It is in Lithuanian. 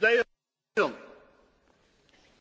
They